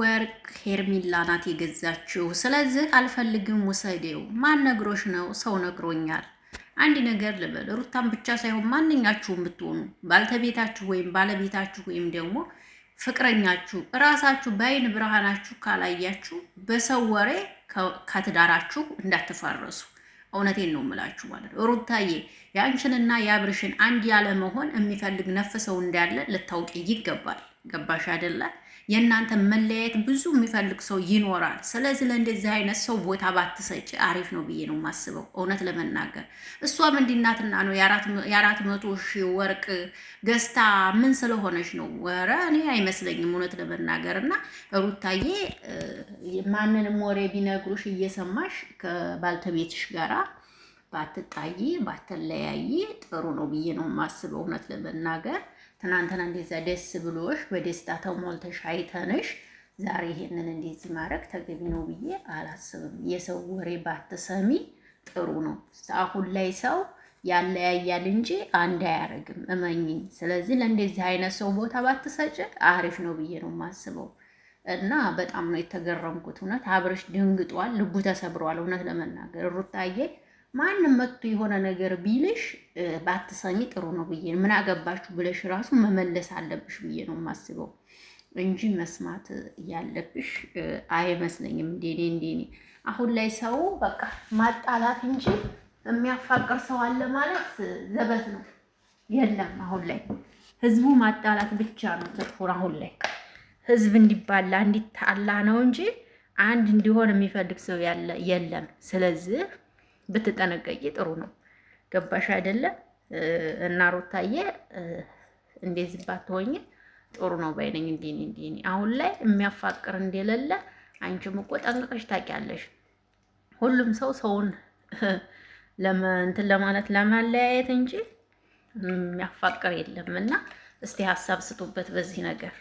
ወርቅ ሄርሚላ ናት የገዛችው። ስለዚህ አልፈልግም ውሰዴው። ማን ነግሮሽ ነው? ሰው ነግሮኛል። አንድ ነገር ልበል፣ ሩታን ብቻ ሳይሆን ማንኛችሁም ብትሆኑ ባልተቤታችሁ ወይም ባለቤታችሁ ወይም ደግሞ ፍቅረኛችሁ እራሳችሁ በአይን ብርሃናችሁ ካላያችሁ በሰው ወሬ ከትዳራችሁ እንዳትፋረሱ። እውነቴን ነው የምላችሁ ማለት ነው። ሩታዬ የአንችንና የአብርሽን አንድ ያለመሆን የሚፈልግ ነፍሰው እንዳለ ልታውቂ ይገባል። ገባሽ አይደለ? የእናንተ መለያየት ብዙ የሚፈልግ ሰው ይኖራል። ስለዚህ ለእንደዚህ አይነት ሰው ቦታ ባትሰጭ አሪፍ ነው ብዬ ነው የማስበው። እውነት ለመናገር እሷም እንዲናትና ነው የአራት መቶ ሺህ ወርቅ ገዝታ ምን ስለሆነች ነው? ኧረ እኔ አይመስለኝም እውነት ለመናገር እና ሩታዬ፣ ማንንም ወሬ ቢነግሩሽ እየሰማሽ ከባልተቤትሽ ጋራ ባትጣይ ባትለያይ ጥሩ ነው ብዬ ነው የማስበው። እውነት ለመናገር ትናንትና እንደዛ ደስ ብሎሽ በደስታ ተሞልተሽ አይተንሽ ዛሬ ይሄንን እንደዚህ ማድረግ ተገቢ ነው ብዬ አላስብም። የሰው ወሬ ባትሰሚ ጥሩ ነው። አሁን ላይ ሰው ያለያያል እንጂ አንድ አያደርግም፣ እመኝኝ። ስለዚህ ለእንደዚህ አይነት ሰው ቦታ ባትሰጭ አሪፍ ነው ብዬ ነው የማስበው። እና በጣም ነው የተገረምኩት እውነት። አብርሽ ድንግጧል፣ ልቡ ተሰብሯል። እውነት ለመናገር ሩታዬ ማንም መጥቶ የሆነ ነገር ቢልሽ ባትሰሚ ጥሩ ነው ብዬ ምን አገባችሁ ብለሽ ራሱ መመለስ አለብሽ ብዬ ነው የማስበው እንጂ መስማት ያለብሽ አይመስለኝም። እንዴኔ እንዴኔ አሁን ላይ ሰው በቃ ማጣላት እንጂ የሚያፋቅር ሰው አለ ማለት ዘበት ነው። የለም አሁን ላይ ህዝቡ ማጣላት ብቻ ነው ትርፉን። አሁን ላይ ህዝብ እንዲባላ እንዲታላ ነው እንጂ አንድ እንዲሆን የሚፈልግ ሰው የለም። ስለዚህ ብትጠነቀቂ ጥሩ ነው። ገባሽ አይደለ? እና ሩታዬ እንደዚህ ባትሆኝ ጥሩ ነው ባይነኝ። እንዲህ እንዲህ አሁን ላይ የሚያፋቅር እንደሌለ አንቺም እኮ ጠንቅቀሽ ታውቂያለሽ። ሁሉም ሰው ሰውን እንትን ለማለት ለማለያየት እንጂ የሚያፋቅር የለም። እና እስቲ ሀሳብ ስጡበት በዚህ ነገር።